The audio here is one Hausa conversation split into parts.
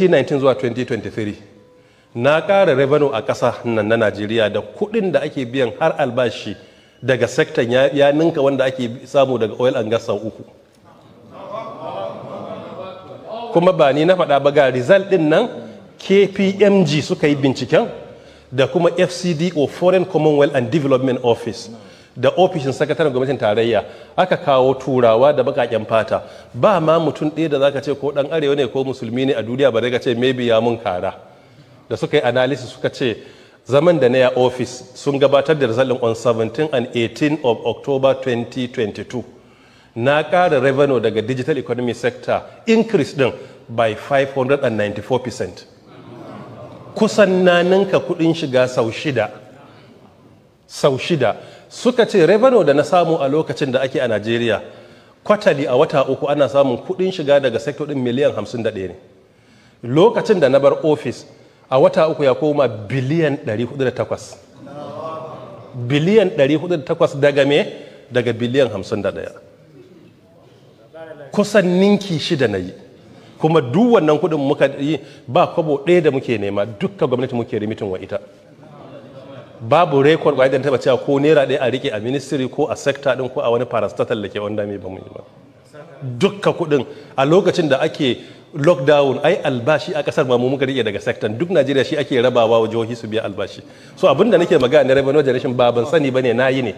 2019 zuwa 2023 na ƙara revenue a ƙasa nan na najeriya da kuɗin da ake biyan har albashi daga sektan ya, ninka wanda ake samu daga oil and gas sau uku kuma ba ni na faɗa ba ga result ɗin nan kpmg suka yi binciken da kuma fcdo foreign commonwealth and development office da ofishin sakataren gwamnatin tarayya aka kawo turawa da bakaken fata ba ma mutum ɗaya da zaka ce ko ɗan arewa ne ko musulmi ne a duniya ba daga ce maybe ya mun kara da suka yi analisi suka ce zaman da na ya ofis sun gabatar da result on 17 and 18 of October 2022 na ƙara revenue daga digital economy sector increase din by 594% kusan na ninka kudin shiga sau shida suka ce revenue da na samu a lokacin da ake a najeriya kwatali a wata uku ana samun kudin shiga daga sector din miliyan 51 ne lokacin da na bar office a wata uku ya koma biliyan 408 biliyan 408 daga me daga biliyan 51 kusan ninki shida na yi kuma duk wannan kudin muka yi ba kwabo ɗaya da muke nema dukkan gwamnati muke rimitin wa ita babu rekod ba da taba cewa ko naira ɗaya a rike a ministry ko a sector din ko a wani parastatal da ke wanda mai ba mu yi ba dukka kuɗin a lokacin da ake lockdown ai albashi a kasar ba mu muka rike daga sector duk Najeriya shi ake rabawa wa jihohi su biya albashi so abinda nake magana na revenue generation ba ban sani bane na yi ne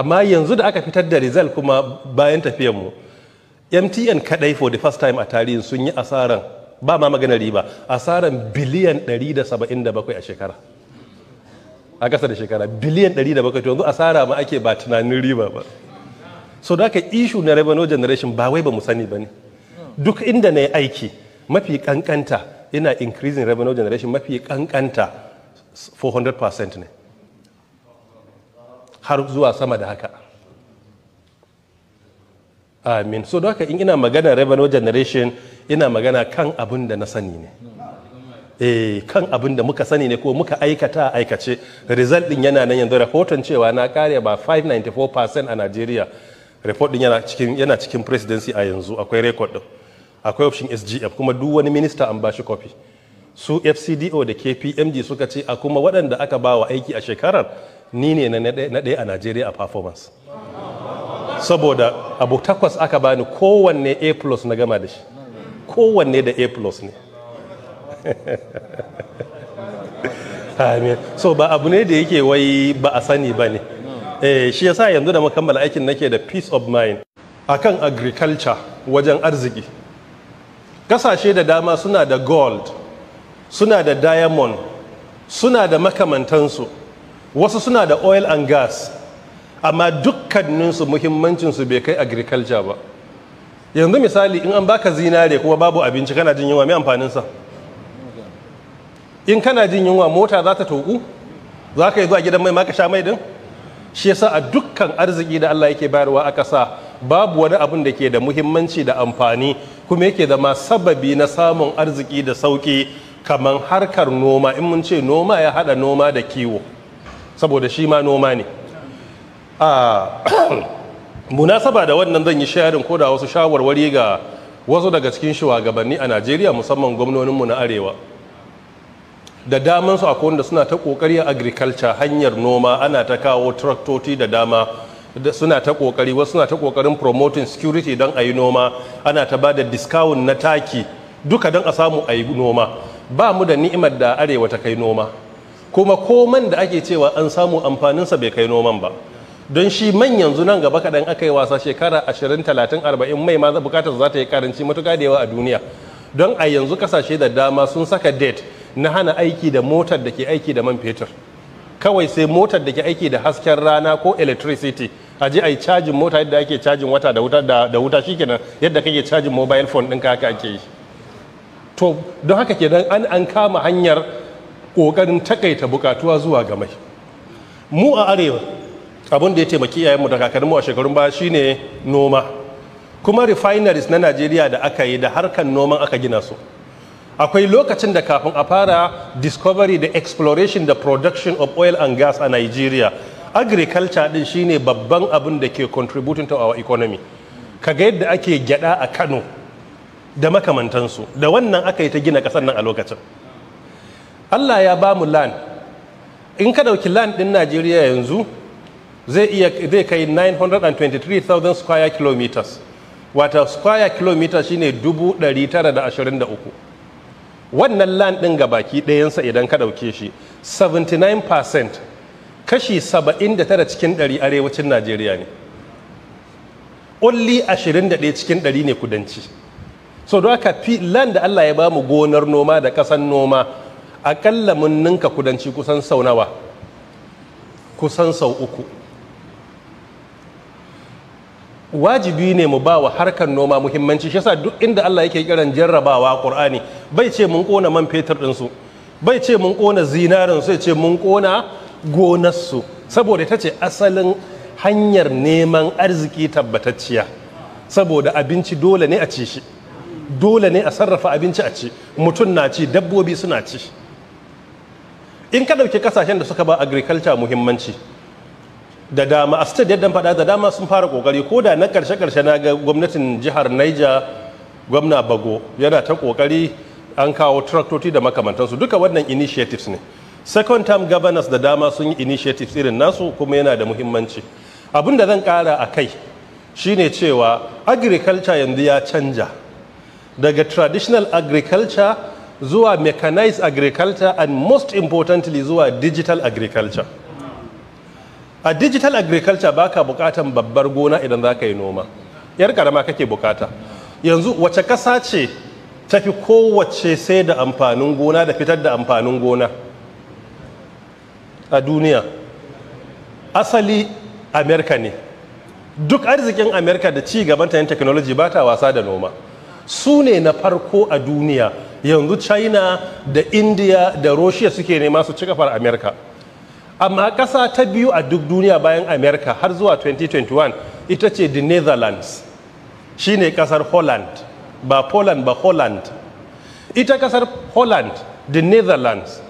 amma yanzu da aka fitar da result kuma bayan tafiyar mu MTN kadai for the first time a tarihin sun yi asaran ba ma magana riba asaran biliyan 177 a shekara a ƙasa da shekara biliyan 107 to yanzu asara ma ake ba tunanin riba ba so da haka ishu na revenue generation ba wai ba mu sani ba ne duk inda na yi aiki mafi kankanta ina increasing revenue generation mafi kankanta 400% ne har zuwa sama da haka amin so da haka in ina magana revenue generation ina magana kan abin da na sani ne eh kan abin da muka sani ne ko muka aikata aikace result din yana nan yanzu rahoton cewa na kare ba 594% a Najeriya report din yana cikin yana cikin presidency a yanzu akwai record din akwai option SGF kuma duk wani minister an bashi copy su FCDO da KPMG suka ce a kuma waɗanda aka ba wa aiki a shekarar ni ne na ɗaya a Najeriya a performance saboda abu takwas aka bani kowanne A plus na gama da shi kowanne da A plus ne amin so ba abu ne da yake wai ba a sani ba ne eh shi yasa yanzu da makammala aikin nake da peace of mind akan agriculture wajen arziki kasashe da dama suna da gold suna da diamond suna da makamantansu wasu suna da oil and gas amma dukkaninsu muhimmancinsu bai kai agriculture ba yanzu misali in an baka zinare kuma babu abinci kana jin yunwa mai amfaninsa in kana jin yunwa mota za ta toku za ka yi zuwa gidan mai maka sha mai din shi yasa a dukkan arziki da Allah yake bayarwa a ƙasa babu wani abin da ke da muhimmanci da amfani kuma yake zama sababi na samun arziki da sauki kamar harkar noma in mun ce noma ya hada noma da kiwo saboda shi ma noma ne A, munasaba da wannan zan yi sharin ko da wasu shawarwari ga wasu daga cikin shugabanni a najeriya musamman gwamnoninmu na arewa da daman su akwai wanda suna ta kokari a agriculture hanyar noma ana ta kawo traktoci da dama suna ta kokari wasu suna ta kokarin promoting security don a yi noma ana ta ba da discount na taki duka don a samu a yi noma ba mu da ni'imar da arewa ta kai noma kuma koman da ake cewa an samu amfaninsa bai kai noman ba don shi man yanzu nan gaba kaɗan aka yi wasa shekara 20 30 40 mai ma bukatar za ta yi karanci matuƙa da yawa a duniya don a yanzu kasashe da dama sun saka date na hana aiki da motar da ke aiki da man fetur kawai sai motar da ke aiki da hasken rana ko electricity a je a yi cajin mota yadda ake cajin wata da wuta da wuta shikenan yadda kake cajin mobile phone ɗin kaka ake yi to don haka kenan an an kama hanyar ƙoƙarin takaita bukatuwa zuwa ga mai mu a arewa abin da ya taimaki iyayenmu da kakanninmu a shekarun baya shine noma kuma refineries na najeriya da aka yi da harkar noman aka gina su akwai lokacin da kafin a fara discovery da exploration da production of oil and gas a nigeria agriculture din shine babban abin da ke contributing to our economy kaga yadda ake gyada a kano da makamantansu da wannan aka yi ta gina kasar nan a lokacin allah ya ba mu land in ka dauki land din najeriya yanzu zai iya kai 923,000 square kilometers wata square kilometer shine 923 wannan land ɗin ga baki ɗayansa idan ka ɗauke shi 79% kashi 79 cikin 100 arewacin najeriya ne only 21 cikin 100 ne kudanci so don haka land da allah ya ba mu gonar noma da ƙasan noma aƙalla mun ninka kudanci kusan sau nawa kusan sau uku wajibi ne mu ba wa harkar noma muhimmanci shi yasa duk inda Allah yake kiran jarrabawa Qur'ani bai ce mun kona man fetur din su bai ce mun kona zinarin su ce mun kona gonar su saboda ita ce asalin hanyar neman arziki tabbatacciya saboda abinci dole ne a ci shi dole ne a sarrafa abinci a ci mutum na ci dabbobi suna ci in ka ɗauki kasashen da suka ba agriculture muhimmanci da dama a state yadda faɗa da dama sun fara kokari ko da na karshe karshe na ga gwamnatin jihar Niger gwamna Bago yana ta kokari an kawo traktoci da makamantansu duka wannan initiatives ne second term governors da dama sun yi initiatives irin nasu kuma yana da muhimmanci abin da zan kara a kai shine cewa agriculture yanzu ya canja daga traditional agriculture zuwa mechanized agriculture and most importantly zuwa digital agriculture a digital agriculture ba ka bukatan babbar gona idan za ka yi noma yar karama kake bukata yanzu wace kasa ce tafi kowace sai da amfanin gona da fitar da amfanin gona a duniya asali amerika ne duk arzikin amerika da ci gaban yin technology ba ta wasa da noma su ne na farko a duniya yanzu china da india da russia suke nema su ci kafar amerika amma ƙasa ta biyu a duk duniya bayan america har zuwa 2021 ita ce the netherlands shine ƙasar holland ba poland ba holland ita ƙasar holland the netherlands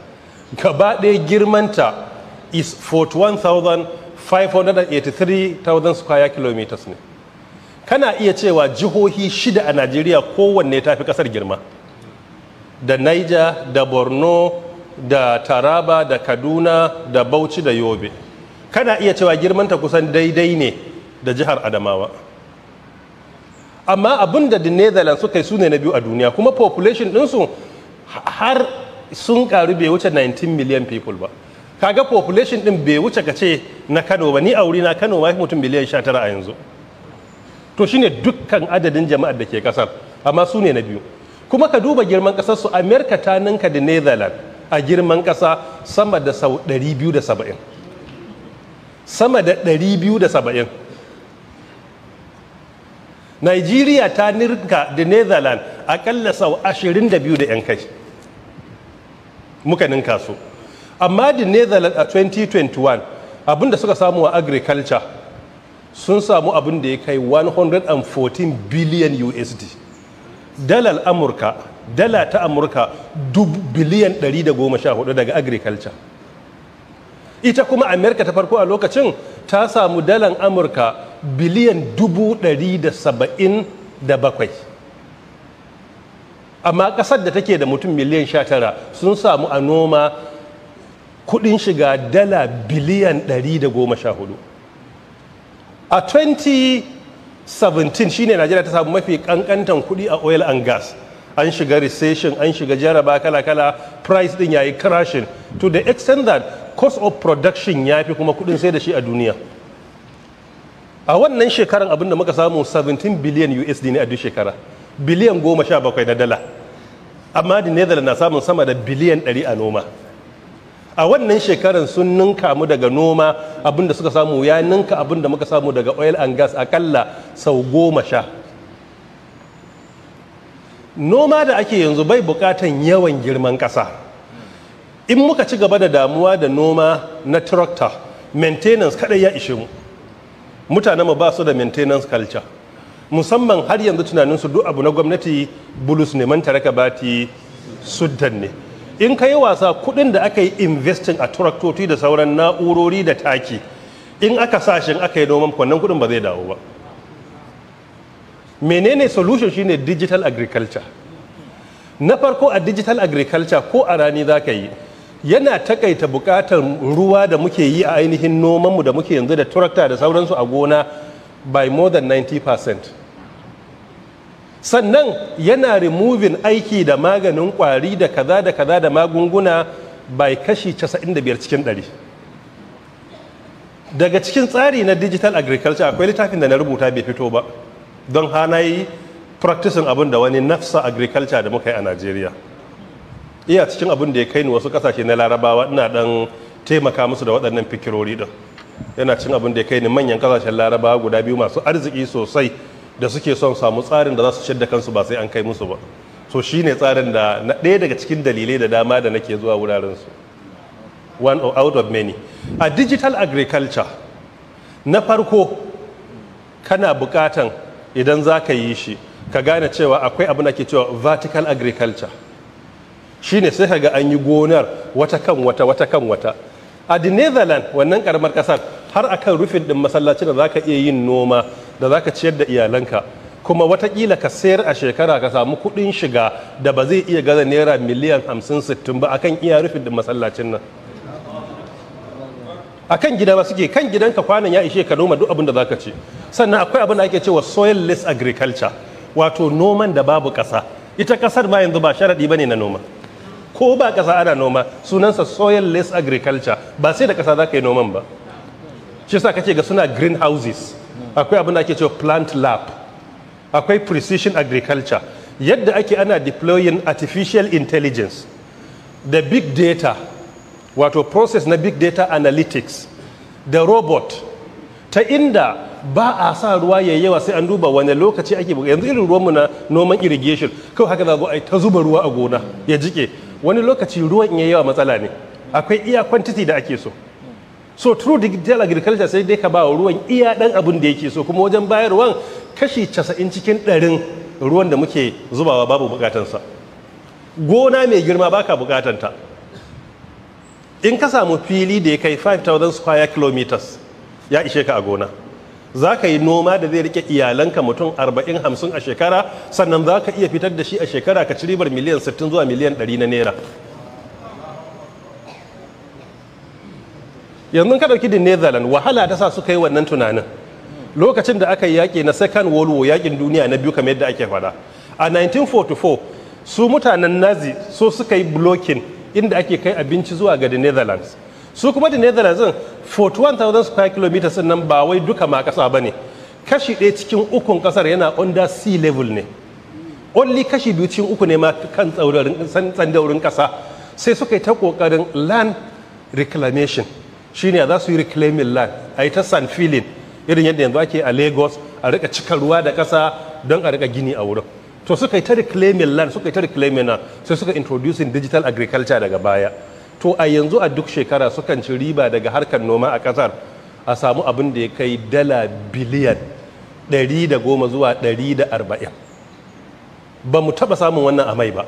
gaba ɗaya girmanta is 41,583,000 square kilometers ne kana iya cewa jihohi shida a nigeria kowanne ta fi ƙasar girma da niger da borno da taraba da kaduna da bauchi da yobe kana iya cewa girmanta kusan daidai ne da jihar adamawa amma abin da the netherlands suka yi su ne na biyu a duniya kuma population ɗinsu har sun karu bai wuce 19 million people ba kaga population ɗin bai wuce ka ce na kano ba ni a wuri na kano ma mutum miliyan 19 a yanzu to shine dukkan adadin jama'ar da ke kasar amma su ne na biyu kuma ka duba girman kasar su ta ninka da netherlands a girman ƙasa sama da sau 270 sama da 270 nigeria ta nirka da netherlands akalla sau 22 da 'yan kai muka ninka su amma da netherlands a 2021 abinda suka samu a agriculture sun samu abin da ya kai 114 billion usd dalar amurka dala ta amurka biliyan 114 daga agriculture ita kuma amerika ta farko a lokacin ta samu dalar amurka biliyan 177 amma kasar da take da mutum miliyan 19 sun samu a noma kudin shiga dala biliyan 114 a 20 17 shine najeriya ta samu mafi kankantan kuɗi a oil and gas an shiga recession an shiga jaraba kala-kala price din yayi crashing to the extent that cost of production ya fi kuma kuɗin sai da shi a duniya a wannan shekaran abinda muka samu 17 billion usd ne a duk shekara biliyan bakwai na dala amma the netherlands na samun sama da biliyan 100 a noma a wannan shekarar sun ninka mu daga noma abinda suka samu ya ninka abinda muka samu daga oil and gas akalla sau goma sha noma da ake yanzu bai bukatan yawan girman ƙasa in muka ci gaba da damuwa da noma na tractor maintenance kadai ya ishe mu mutane mu ba su da maintenance culture musamman har yanzu tunanin su duk abu na gwamnati bulus neman taraka bati suddan ne in ka yi wasa kuɗin da aka yi investin a turaktoci da sauran na'urori da taki in aka sashen aka yi noman kwanan kuɗin ba zai dawo ba menene solution shine digital agriculture na farko a digital agriculture ko a rani za ka yi yana takaita bukatar ruwa da muke yi a ainihin nomanmu da muke yanzu da turakta da sauransu a gona by more than 90 sannan yana removing aiki da maganin kwari da kaza da kaza da magunguna bai kashi 95 cikin 100 daga cikin tsari na digital agriculture akwai littafin da na rubuta bai fito ba don hana yi practicing abin da wani nafsa agriculture da muka yi a najeriya iya cikin abin da ya kai ni wasu kasashe na larabawa ina dan taimaka musu da waɗannan fikirori din yana cikin abin da ya kai ni manyan kasashen larabawa guda biyu masu arziki sosai da suke son samu tsarin da za su shadda kansu ba sai an kai musu ba so shine tsarin da na ɗaya daga cikin dalilai da dama da nake zuwa wuraren su one out of many a digital agriculture na farko kana bukatan idan za ka yi shi ka gane cewa akwai abin da ke cewa vertical agriculture shine sai ka ga an yi gonar wata kan wata wata kan wata a the netherlands wannan karamar kasar har akan rufin ɗin masallacin da za ka iya yin noma da za ka ciyar da iyalanka kuma watakila ka sayar a shekara ka samu kudin shiga da ba zai iya gaza naira miliyan hamsin sittin ba a kan iya rufin da masallacin nan a kan gida ba suke kan gidanka kwanan ya ishe ka noma duk abin da za ka ci sannan akwai abin da ake cewa soil less agriculture wato noman da babu ƙasa ita kasar ma yanzu ba sharaɗi ba ne na noma ko ba ƙasa ana noma sunansa soil less agriculture ba sai da kasa za ka yi noman ba shi sa kace ga suna greenhouses akwai abin da ake cewa plant lab akwai precision agriculture yadda ake ana deploying artificial intelligence da big data wato process na big data analytics da robot ta inda ba a sa ruwa ya yawa sai an duba wani lokaci ake yanzu irin ruwanmu na noman irrigation kawai haka za a ta zuba ruwa a gona ya jike wani lokaci ruwan ya yawa matsala ne akwai iya quantity da ake so so true digital agriculture sai dai ka ba ruwan iya dan abin da yake so kuma wajen bayarwan kashi 90 cikin ɗarin ruwan da muke zubawa babu bukatansa gona mai girma baka bukatanta in ka samu fili da ya kai 5000 square kilometers ya ishe ka a gona za ka yi noma da zai rike iyalanka mutum 40-50 a shekara sannan za ka iya fitar da shi a shekara ka ci ribar miliyan 60 zuwa miliyan 100 na naira yanzu ka ɗauki the wahala ta sa suka yi wannan tunanin lokacin da aka yi yaƙi na second world war yaƙin duniya na biyu kamar yadda ake faɗa a 1944 su mutanen nazi so suka yi blocking inda ake kai abinci zuwa ga the netherlands su kuma the netherlands 41,000 square kilometers nan ba wai duka ma kasa ba ne kashi ɗaya cikin ukun ƙasar yana under sea level ne only kashi biyu cikin uku ne ma kan tsandaurin ƙasa sai suka yi ta ƙoƙarin land reclamation shine za su yi reclaiming land a yi ta sand filling irin yadda yanzu ake a lagos a rika cika ruwa da ƙasa don a rika gini a wurin to suka yi ta reclaiming land suka yi ta reclaiming land sai suka introducing digital agriculture daga baya to a yanzu a duk shekara sukan ci riba daga harkar noma a ƙasar a samu abin da ya kai dala biliyan 110 zuwa 140 ba mu taɓa samun wannan a mai ba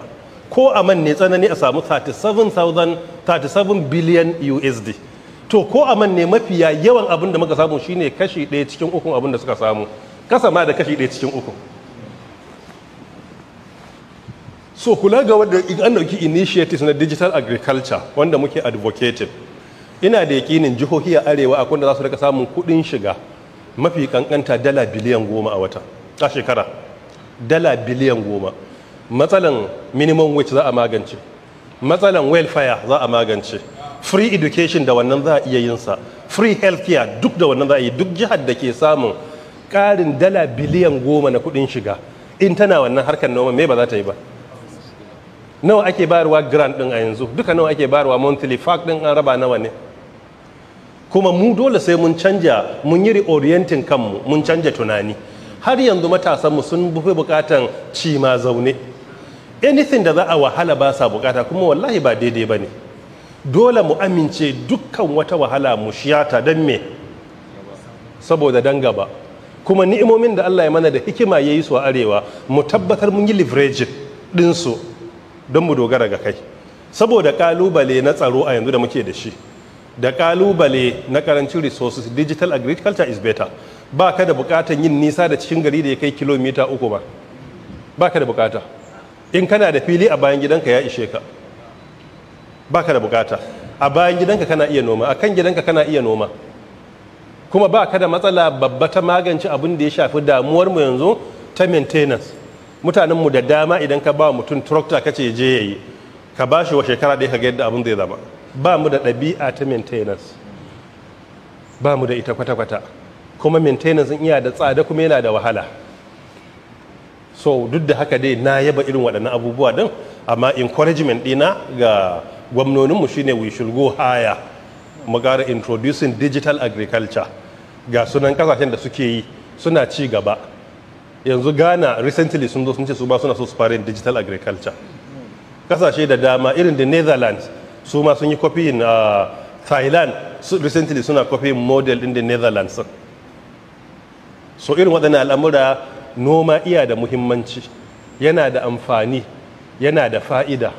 ko a man ne tsanani a samu 37 billion usd to ko a man ne mafiya yawan abin da muka samu shine kashi ɗaya cikin ukun abin da suka samu kasa ma da kashi ɗaya cikin uku so kula ga wadda an dauki initiatives na digital agriculture wanda muke advocating ina da yakinin jihohi a arewa a kunda za su rika samun kuɗin shiga mafi kankanta dala biliyan goma a wata a shekara dala biliyan goma matsalan minimum wage za a magance matsalan welfare za a magance free education da wannan za a iya yin sa free healthcare duk da wannan za a yi duk jihar da ke samun ƙarin dala biliyan goma na kuɗin shiga in tana wannan harkar noma me ba za ta yi ba nawa ake bayarwa grant din a yanzu duka nawa ake bayarwa monthly fact din an raba nawa ne kuma mu dole sai mun canja mun yi reorienting kanmu mun canja tunani har yanzu matasanmu sun bufe bukatan cima zaune anything da za a wahala ba sa bukata kuma wallahi ba daidai ba ne dole mu amince dukkan wata wahala mu shiyata don me saboda don gaba kuma ni'imomin da Allah ya mana da hikima ya yi su a arewa mu tabbatar mun yi leverage ɗinsu don mu dogara ga kai saboda kalubale na tsaro a yanzu da muke da shi da kalubale na karancin resources digital agriculture is better ba ka da bukatar yin nisa da cikin gari da ya kai kilomita uku ba ba ka da bukata in kana da fili a bayan gidanka ya ishe ka baka da bukata a bayan gidanka kana iya noma a kan gidanka kana iya noma kuma ba ka da matsala babba ta magance abin da ya shafi damuwar mu yanzu ta maintenance mutanen mu da dama idan ka ba mutum tractor ce je yayi ka ba shi wa shekara ɗaya ka ga yadda abin zai zama ba mu da ɗabi'a ta maintenance ba mu da ita kwata-kwata kuma maintenance iya da tsada kuma yana da wahala so duk da haka dai na yaba irin waɗannan abubuwa din amma encouragement ɗina ga gwamnoninmu shine we should go higher mu gara introducing digital agriculture ga sunan kasashen da suke yi suna ci gaba yanzu ghana recently sun zo sun ce su ba suna so su fara digital agriculture kasashe da dama irin da netherlands su ma sun yi copying a uh, thailand su recently suna copying model din da netherlands so irin waɗannan al'amura noma iya da muhimmanci yana da amfani yana da fa'ida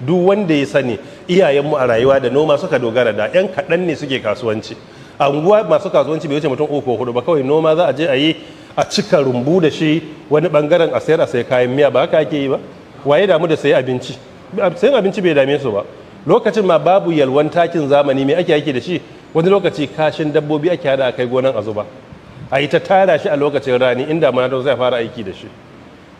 duk wanda ya sani iyayenmu a rayuwa da noma suka dogara da yan kaɗan ne suke kasuwanci anguwa masu kasuwanci bai wuce mutum uku hudu ba kawai noma za a je a yi a cika rumbu da shi wani bangaren a sayar a sayar kayan miya ba haka ake yi ba waye damu da sayi abinci sayan abinci bai dame su ba lokacin ma babu yalwan takin zamani mai ake aiki da shi wani lokaci kashin dabbobi ake hada a kai gonan a zuba a yi ta tara shi a lokacin rani inda mana zai fara aiki da shi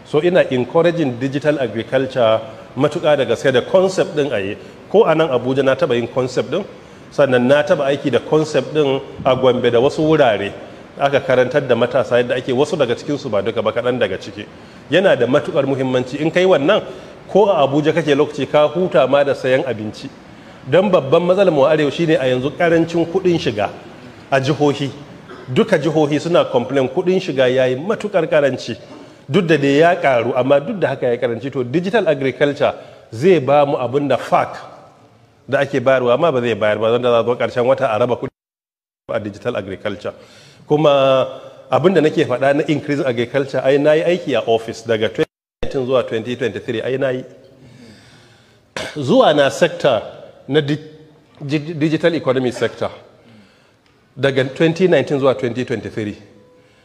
so ina encouraging digital agriculture matuƙa da gaske da concept din a yi ko a nan abuja na taba yin concept din sannan na taba aiki da concept din a gombe da wasu wurare aka karantar da matasa yadda ake wasu daga cikinsu ba duka ba kaɗan daga ciki yana da matukar muhimmanci in kai wannan ko a abuja kake lokaci ka huta ma da sayan abinci don babban matsalar mu arewa shine a yanzu karancin kuɗin shiga a jihohi duka jihohi suna complain kuɗin shiga yayi matukar karanci duk da dai ya karu amma duk da haka ya karanci to digital agriculture zai ba mu abin da fak. da ake bayarwa amma ba zai bayar ba da za zo karshen wata a raba kudi a digital agriculture kuma abin da nake faɗa na increasing agriculture ai na aiki a office daga 2019 zuwa 2023 ai nayi zuwa na sector na digital economy sector daga 2019 zuwa 2023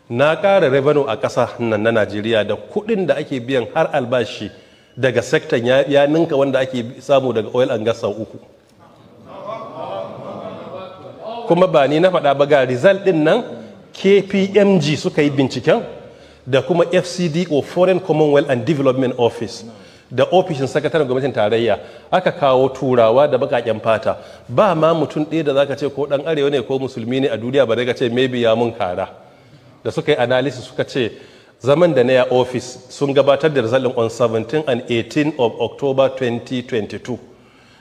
na ƙara revenue a ƙasa nan na najeriya da kuɗin da ake biyan har albashi daga sektan ya ninka wanda ake samu daga oil and gas sau uku kuma ba ni na faɗa ba ga result ɗin nan kpmg suka yi binciken da kuma fcdo foreign commonwealth and development office da ofishin sakataren gwamnatin tarayya aka kawo turawa da bakaken fata ba ma mutum ɗaya da zaka ce ko ɗan arewa ne ko musulmi ne a duniya ba daga ce maybe ya mun kara da suka yi analysis suka ce zaman da na ya office sun gabatar da result on 17 and 18 of october 2022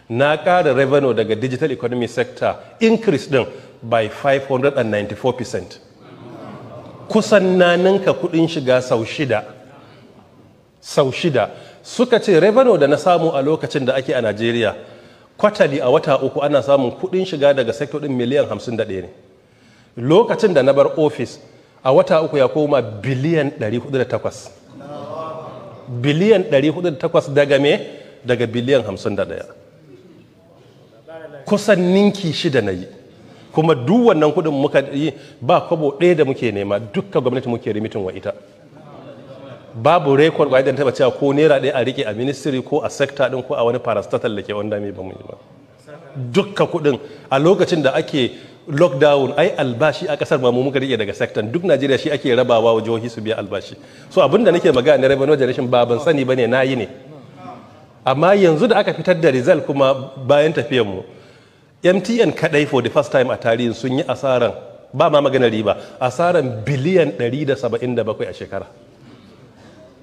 na ƙara revenue daga digital economy sector increase din by 594% kusan na ninka kudin shiga sau shida sau shida suka ce revenue da na samu a lokacin da ake a Najeriya kwatali a wata uku ana samun kudin shiga daga sector din miliyan 51 ne lokacin da na bar office a wata uku ya koma biliyan 408 biliyan 408 daga me daga biliyan 51 kusan ninki shida na yi kuma duk wannan kuɗin muka yi ba kwabo ɗaya da muke nema dukkan gwamnati muke rimitin wa ita babu rekod wa idan taba ko naira ɗaya a rike a ministry ko a sector ɗin ko a wani parastatal da ke wanda mai ba mu yi ba dukkan kuɗin a lokacin da ake lockdown ai albashi a kasar mu muka rike daga sector duk Najeriya shi ake rabawa wa jihohi su biya albashi so da nake magana na revenue generation ba ban sani bane nayi ne amma yanzu da aka fitar da result kuma bayan tafiyar mu mtn kadai for the first time a tarihin sun yi asaran ba ma magana riba asaran biliyan 177 a shekara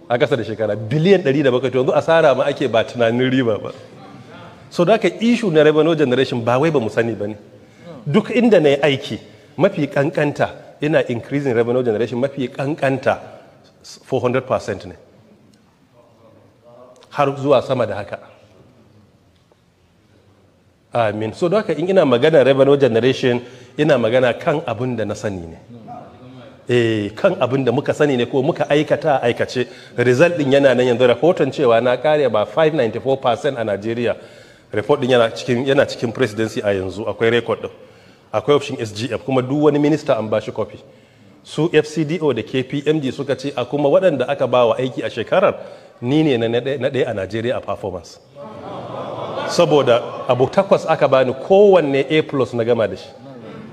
a ƙasa da shekara biliyan 177 yanzu asara ma ake ba tunanin riba ba so da aka ishu na revenue generation ba wai ba mu sani ba ne duk inda na yi aiki mafi kankanta ina increasing revenue generation mafi kankanta 400% ne har zuwa sama da haka amin so doka in ina magana revenue generation ina magana kan abin da na sani ne eh kan abin da muka sani ne ko muka aikata aikace result din yana nan yanzu rahoton cewa na kare ba 594% a nigeria report din yana cikin yana cikin presidency a yanzu akwai record din akwai option SGF kuma duk wani minister an bashi copy su FCDO da KPMG suka ce a kuma waɗanda aka ba wa aiki a shekarar ni ne na ɗaya a Najeriya a performance saboda abu takwas aka bani kowanne a plus na gama da shi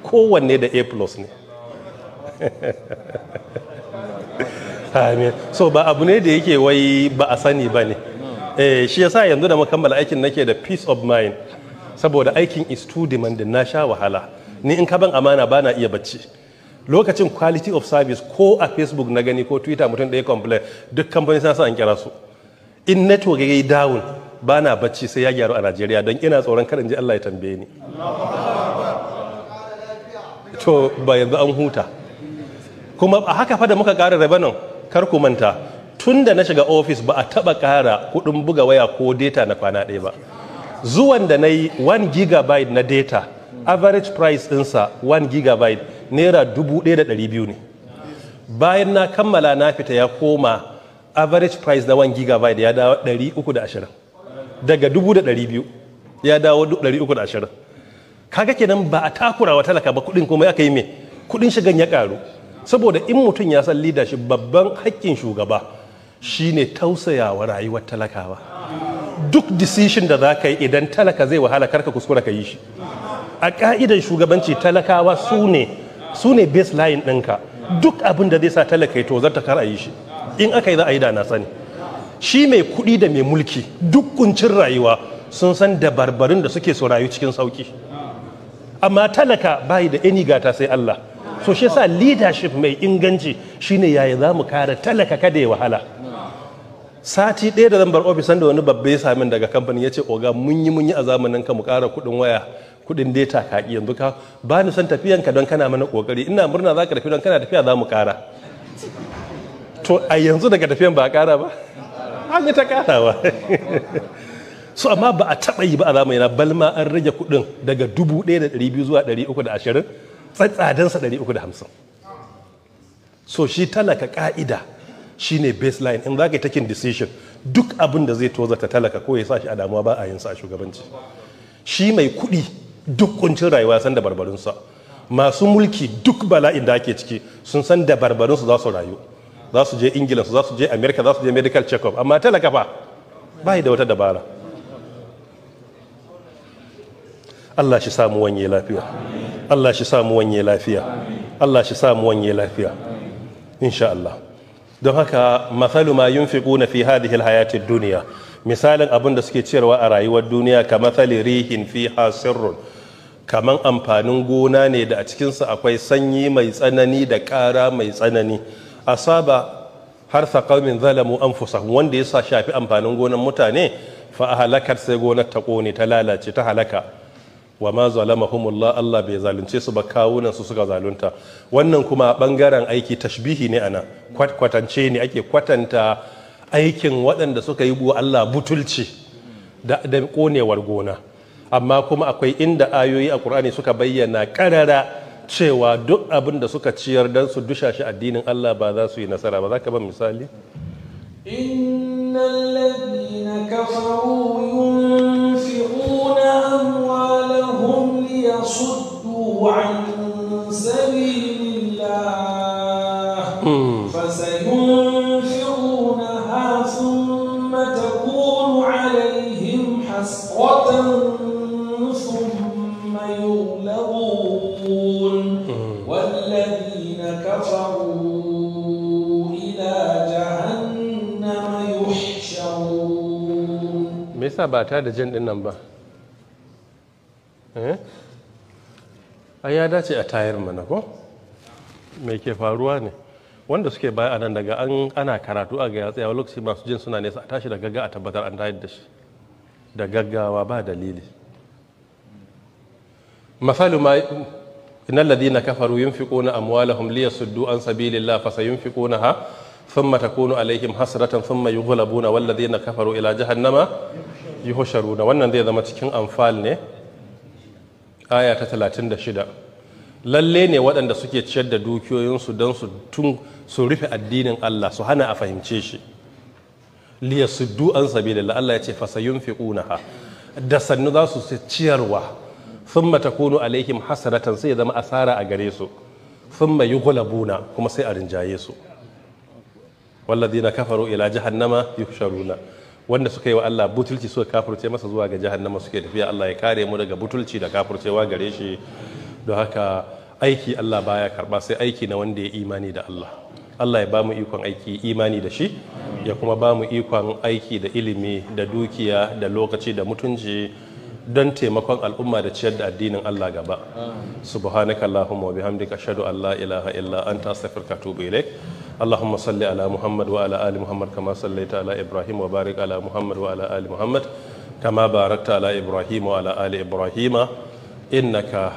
kowanne da a plus ne amin so ba abu ne da yake wai ba a sani ba ne eh, shi shi yasa yanzu da makammala aikin nake da peace of mind saboda aikin is too demanding na sha wahala ni in ka ban amana ba na iya bacci lokacin quality of service ko a facebook na gani ko twitter mutum da ya complain duk kamfanin sa an kira su in network ya yi down ba na bacci sai ya gyaru a najeriya don ina tsoron karin ji allah ya tambaye ni to ba yanzu an huta kuma a haka fa da muka ƙara rabanon kar ku manta tun da na shiga ofis ba a taɓa ƙara kuɗin buga waya ko data na kwana ɗaya ba zuwan da na yi 1 gigabyte na data average price ɗinsa 1 gigabyte naira 1,200 ne bayan na kammala na fita ya koma average price na 1 gigabyte ya dawo 320 daga 200 ya dawo 320 kaga kenan ba a takurawa talaka ba kudin kuma aka yi me kudin shigan ya karu saboda in mutum ya san leadership babban hakkin shugaba shine tausayawa rayuwar talakawa duk decision da za ka yi idan talaka zai wahala karka kuskura ka yi shi a ka'idan shugabanci talakawa su ne su ne baseline ɗinka duk abin da zai sa talaka ya to zarta kar a yi shi in aka yi za a yi da na sani shi mai kuɗi da mai mulki duk kuncin rayuwa sun san dabarbarin da suke so rayu cikin sauki amma talaka bayi da any gata sai Allah so shi yasa leadership mai inganci shi ne, yaya za mu kare talaka kada ya wahala sati ɗaya da zan bar ofis da wani babba ya sami daga kamfanin ya ce oga mun yi mun yi a zamanin ka mu ƙara kuɗin waya kuɗin data ka yanzu ka ba ni son tafiyan ka don kana mana ƙoƙari ina murna za ka tafi don kana tafiya za mu ƙara to a yanzu daga tafiyan ba a kara ba an ta karawa so amma ba a taɓa yi ba a zamani na balma an rage kuɗin daga 1200 zuwa 320 tsatsadansa 350 so shi talaka ka'ida ne baseline in za ka yi takin decision duk abin da zai toza ta talaka ko ya sa shi a damuwa ba a yin sa a shugabanci shi mai kuɗi duk kuncin rayuwa san da barbarinsa masu mulki duk bala'in da ake ciki sun san da barbarinsu za su rayu za su je ingila za su je america za su je medical check-up amma talaka fa ba da wata dabara Allah shi samu wanye lafiya Allah shi samu wanye lafiya Allah shi samu wanye lafiya insha Allah don haka mathalu ma yunfiquna fi hadhihi alhayati ad-dunya misalin abin da suke ciyarwa a rayuwar duniya ka mathali rihin fi sirrun kaman amfanin gona ne da a cikinsa akwai sanyi mai tsanani da ƙara mai tsanani asaba harsa qaumin zalamu anfusahum wanda ya sa shafi amfanin gonan mutane fa halakar sai gonar ta kone ta lalace ta halaka wa ma zalamahumullah Allah bai zalunce su ba kawunan su suka zalunta wannan kuma ɓangaren aiki tashbihi ne ana kwatance ne ake kwatanta aikin waɗanda suka yi buwa Allah butulci da konewar gona amma kuma akwai inda ayoyi a Qur'ani suka bayyana ƙarara. cewa duk abin da suka ciyar don su dusha shi addinin Allah ba za su yi nasara ba za ka ban misali? Innal ladina kafaru yunfiquna amwalahum liyasuddu 'an me yasa ba ta da jan nan ba eh ya dace a tayar mana ko me ke faruwa ne wanda suke baya anan daga an ana karatu a ga ya tsaya lokaci masu jin suna nesa a tashi da gaggawa a tabbatar an tayar da shi da gaggawa ba dalili mafalu ma innal ladina kafaru yunfiquna amwalahum liyasuddu an sabilillah ha? thumma takunu alaihim hasratan thumma yughlabuna walladhina kafaru ila jahannama Sharuna wannan zai zama cikin anfal ne aya da 36 lalle ne waɗanda suke ciyar da dukiyoyinsu don su tun su rufe addinin Allah su hana a fahimce shi liya suddu an sabilillah Allah ya ce fasayunfiqunaha da sannu za su ciyarwa mata kunu alaihim hasaratan sai zama asara a gare su thumma yughlabuna kuma sai a rinjaye su na kafaru ila jahannama yuhsharuna wanda suka yi wa Allah butulci suka kafirce masa zuwa ga jahannama suke tafiya Allah ya kare mu daga butulci da kafircewa gare shi don haka aiki Allah baya karba sai aiki na wanda ya imani da Allah Allah ya ba mu ikon aiki imani da shi ya kuma ba mu ikon aiki da ilimi da dukiya da lokaci da mutunci don taimakon al'umma da ciyar da addinin Allah gaba subhanakallahumma wa bihamdika ashhadu an la ilaha illa anta astaghfiruka wa atubu ilaik اللهم صل على محمد وعلى آل محمد كما صليت على إبراهيم وبارك على محمد وعلى آل محمد كما باركت على إبراهيم وعلى آل إبراهيم إنك